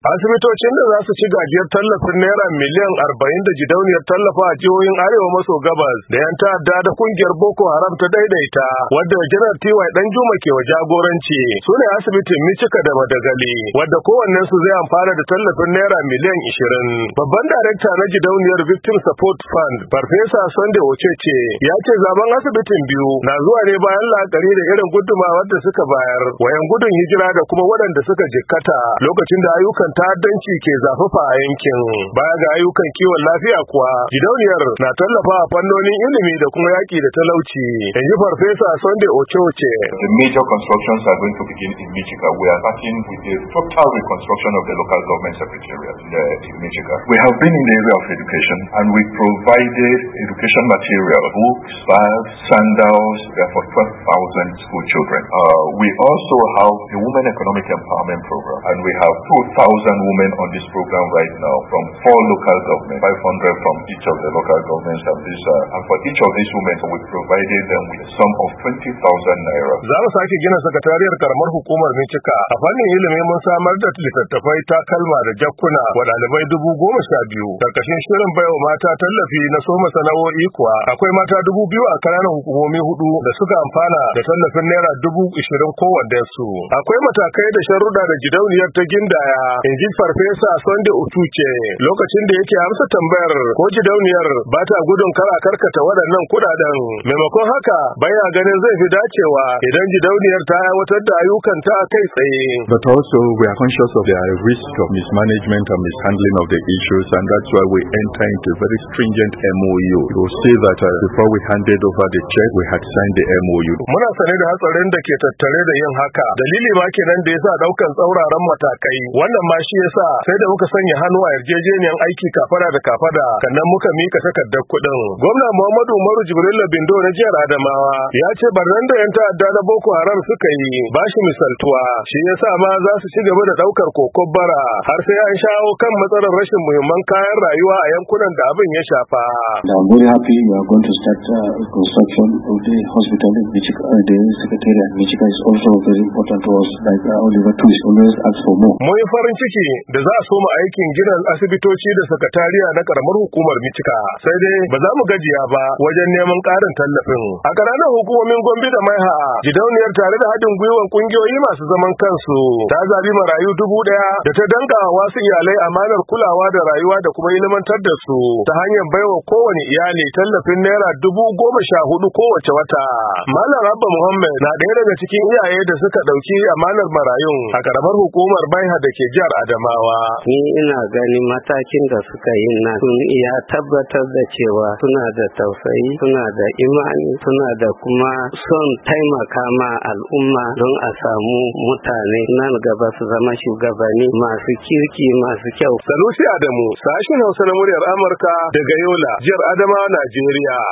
asibitocin da za su ci gajiyar tallafin naira miliyan arba'in da gidauniyar tallafa a jihohin arewa maso gabas da yan ta'adda da kungiyar boko haram ta daidaita wadda janar ty dan juma ke wa jagoranci su ne asibitin michika da madagali wadda kowanne su zai amfana da tallafin naira miliyan ishirin babban darekta na gidauniyar victim support fund farfesa sunday ocece ya ce zaman asibitin biyu na zuwa ne bayan la'akari da irin gudumawar da suka bayar wayan gudun hijira da kuma waɗanda suka jikkata lokacin da ayyukan ta'addanci ke zafafa a yankin baya ga ayyukan kiwon lafiya kuwa gidauniyar na tallafa fannonin ilimi da kuma yaki da talauci farfesa sunday ochoche the major constructions are going to begin in michigan we are starting with the total reconstruction of the local government secretariat uh, in michigan we have been in the area of education and we provided education material books bags sandals for 12,000 school children uh, we also have the women economic empowerment program and we have 2,000 1,000 women on this program right now from four local governments, 500 from each of the local governments and this. are, uh, and for each of these women we provided them with a sum of 20,000 naira. Za mu sake gina sakatariyar karamar hukumar Mincika a fannin ilimi mun samar da littattafai takalma da jakkuna wa ɗalibai dubu goma sha biyu. Karkashin shirin baiwa mata tallafi na soma sana'o'i kuwa akwai mata dubu biyu a kananan hukumomi hudu da suka amfana da tallafin naira dubu ishirin kowanne su. Akwai matakai da sharuɗa da gidauniyar ta gindaya in ji farfesa Sunday ce. lokacin da yake amsa tambayar ko gidauniyar ba ta gudun kar a karkata waɗannan kuɗaɗen maimakon haka baya ganin zai fi dacewa idan gidauniyar ta aiwatar da ayyukanta kai tsaye. But also we are conscious of the risk of mismanagement and mishandling of the issues and that's why we enter into a very stringent MOU. You will see that uh, before we handed over the check we had signed the MOU. Muna sane da hatsarin da ke tattare da yin haka dalili ma kenan da ya sa ɗaukan tsauraran matakai wannan ma shi yasa sai da muka sanya hannu a yarjejeniyar aiki kafara da kafada kannan muka mika takardar kuɗin gwamna muhammadu umaru jibrilu bindo na jihar adamawa ya ce barnan da yan ta'adda na boko haram suka yi ba shi misaltuwa shi yasa ma za su ci gaba da ɗaukar kokon bara har sai an shawo kan matsalar rashin muhimman kayan rayuwa a yankunan da abin ya shafa. I'm very happy uh, farin ciki yake da za a soma aikin gidan asibitoci da sakatariya na karamar hukumar Michika Sai dai ba za mu gajiya ba wajen neman ƙarin tallafin. A ƙananan hukumomin Gombe da Maiha, gidauniyar tare da haɗin gwiwar ƙungiyoyi masu zaman kansu ta zabi marayu dubu ɗaya da ta danga wasu iyalai amanar kulawa da rayuwa da kuma ilimantar da su ta hanyar baiwa kowane iyali tallafin naira dubu goma sha hudu kowace wata. Malam Abba Muhammad na ɗaya daga cikin iyaye da suka ɗauki amanar marayun a ƙaramar hukumar Maiha da ke jihar Adamawa. Ni ina gani matakin da suka yi nan sun iya tabbatar da cewa suna da tausayi, suna da imani, suna da kuma son taimaka ma al'umma don a samu mutane nan gaba su zama shugabanni masu kirki masu kyau. Sanusi Adamu, sashen Hausa na muryar Amurka daga Yola, jihar Adamawa, Najeriya.